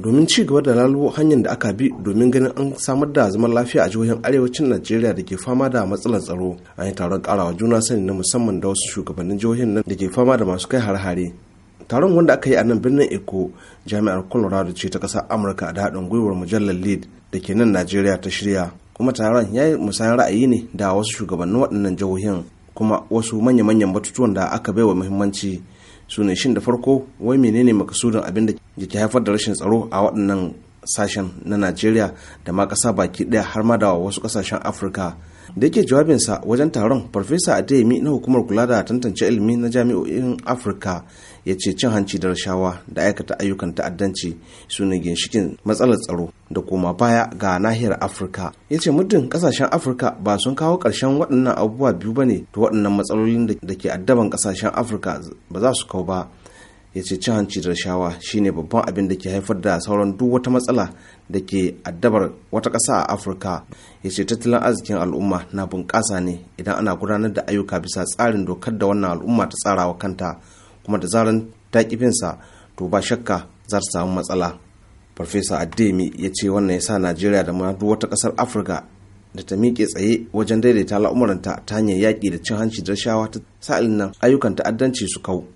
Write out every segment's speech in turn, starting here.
domin ci gaba da lalubo hanyar da aka bi domin ganin an samar da zaman lafiya a jihohin arewacin najeriya da ke fama da matsalar tsaro an yi taron karawa juna sani na musamman da wasu shugabannin jihohin nan da ke fama da masu kai har-hare taron wanda aka yi a nan birnin eko jami'ar colorado ce ta ƙasar amurka da haɗin gwiwar mujallar lead da ke nan najeriya ta shirya kuma taron ya yi musayar ra'ayi ne da wasu shugabannin waɗannan jihohin kuma wasu manya-manyan batutuwan da aka baiwa muhimmanci su ne shin da farko wai menene makasudin abin da ke haifar da rashin tsaro a waɗannan sashen na najeriya da ma ƙasa baki ɗaya har ma da wasu ƙasashen afirka da yake jawabinsa wajen taron farfesa adeyemi na hukumar kula da tantance ilimi na jami'o'in afirka ya ce cin hanci da rashawa da aikata ayyukan ta'addanci su ne ginshikin matsalar tsaro da koma baya ga nahiyar afirka ya ce muddin kasashen afirka ba sun kawo ƙarshen waɗannan abubuwa biyu ba ne to waɗannan matsalolin da ke addaban kasashen afirka ba za su kau ba ya ce cin hanci da rashawa shine babban abin da ke haifar da sauran duk wata matsala da ke addabar wata ƙasa a afirka ya ce tattalin arzikin al'umma na bunƙasa ne idan ana gudanar da ayyuka bisa tsarin dokar da wannan al'umma ta tsarawa kanta kuma da zarar ta sa to ba shakka za ta samu matsala farfesa addemi ya ce wannan ya sa najeriya da ma duk wata ƙasar afirka da ta miƙe tsaye wajen daidaita al'umuranta ta hanyar yaƙi da cin hanci da rashawa ta sa'ilin nan ayyukan ta'addanci su kau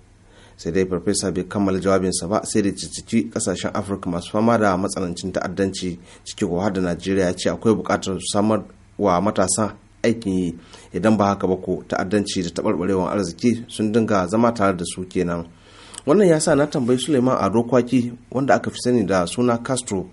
sai dai farfesa bai kammala jawabinsa ba sai da ciki kasashen afirka masu fama da matsanancin ta'addanci ciki ko da najeriya ce akwai bukatar samar wa matasa aikin yi idan ba haka ba ko ta'addanci da taɓarɓarewar arziki sun dinga zama tare da su kenan wannan ya sa na tambayi suleiman ado kwaki wanda aka fi sani da suna castro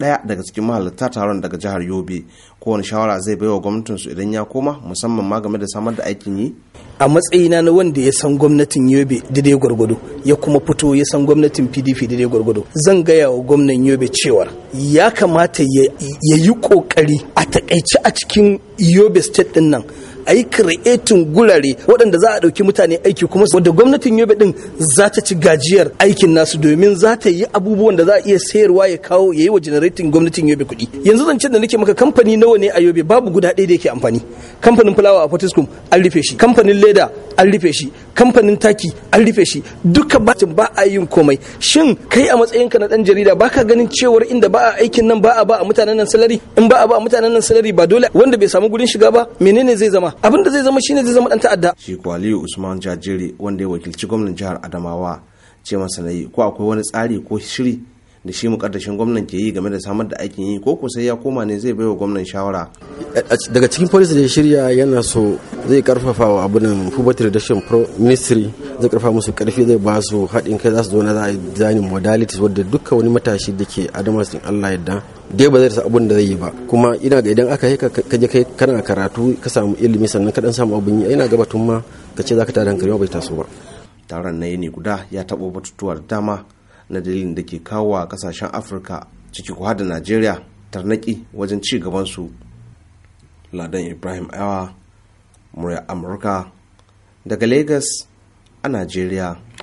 ɗaya daga cikin mahalarta taron daga jihar yobe kowane shawara zai baiwa su idan ya koma musamman ma game da samar da aikin yi a matsayina na wanda ya san gwamnatin yobe daidai gwargwado ya kuma fito ya san gwamnatin pdp daidai gwargwado zan gaya wa gwamnan yobe cewar ya kamata ya yi kokari a takaici a cikin yobe state din nan a yi kiretin gurare waɗanda za a ɗauki mutane aiki kuma wadda gwamnatin yobe ɗin za ta ci gajiyar aikin nasu domin za ta yi abubuwan da za a iya sayarwa ya kawo ya yi wa generating gwamnatin yobe kuɗi yanzu zancen da nake maka kamfani nawa ne a yobe babu guda ɗaya da yake amfani kamfanin fulawa a Potiskum an rufe shi kamfanin leda an rufe shi kamfanin taki an rufe shi duka batin ba a yin komai shin kai a matsayinka na dan jarida baka ganin cewar inda ba a aikin nan ba a ba a mutanen nan salari in ba a ba a mutanen nan salari ba dole wanda bai samu gurin shiga ba menene zai zama abin da zai zama shine zai zama dan ta'adda shi kwaliyu Usman Jajiri wanda ya wakilci gwamnan jihar Adamawa ce masa ko akwai wani tsari ko shiri da shi mu karkashin gwamnan ke yi game da samar da aikin yi ko ko sai ya koma ne zai baiwa gwamnan shawara daga cikin policy da ya shirya yana so zai karfafa wa nan abunan reduction pro ministry zai karfafa musu karfi zai ba su haɗin kai za su zo na za a yi modalities wadda dukkan wani matashi da ke adamas din Allah yadda dai ba zai rasa abun da zai yi ba kuma ina ga idan aka yi ka je kai kana karatu ka samu ilimi sannan ka dan samu abun yi ina gaba tun ma ka ce zaka tada hankali bai so ba taron na yini guda ya taɓo batutuwar dama na dalilin da ke kawo wa kasashen afirka ciki kuwa da najeriya tarnaki wajen ci gabansu ladan ibrahim awa murya amurka daga lagos a najeriya